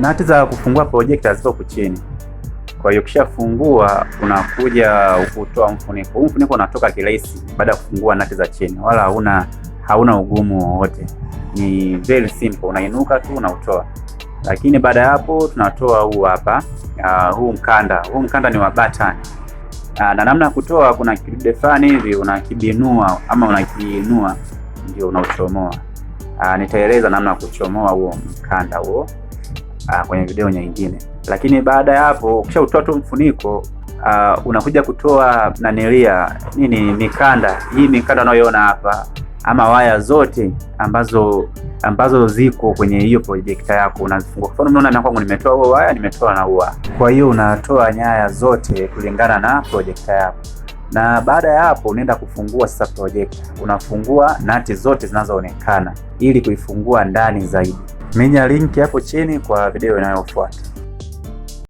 na hati za kufungua projekta ziko chini. Kwa hiyo ukishafungua unakuja kutoa mfuniko. Mfuniko unatoka kirahisi baada ya kufungua nati za chini, wala hauna hauna ugumu wowote, ni very simple, unainuka tu unautoa. Lakini baada ya hapo tunatoa huu hapa, uh, huu mkanda. Huu mkanda ni wa button. Uh, ah, na namna ya kutoa, kuna kidude fulani hivi unakibinua ama unakiinua ndio unauchomoa. Uh, nitaeleza namna ya kuchomoa huo mkanda huo uh, kwenye video nyingine. Lakini baada ya hapo utoa tu mfuniko uh, unakuja kutoa nanilia nini mikanda hii mikanda unayoona hapa ama waya zote ambazo ambazo ziko kwenye hiyo projekta yako unazifungua. Kwa mfano unaona kwangu nimetoa huo waya, nimetoa na huo. Kwa hiyo unatoa nyaya zote kulingana na projekta yako, na baada ya hapo unaenda kufungua sasa projekta, unafungua nati zote zinazoonekana ili kuifungua ndani zaidi. Minya linki hapo chini kwa video inayofuata.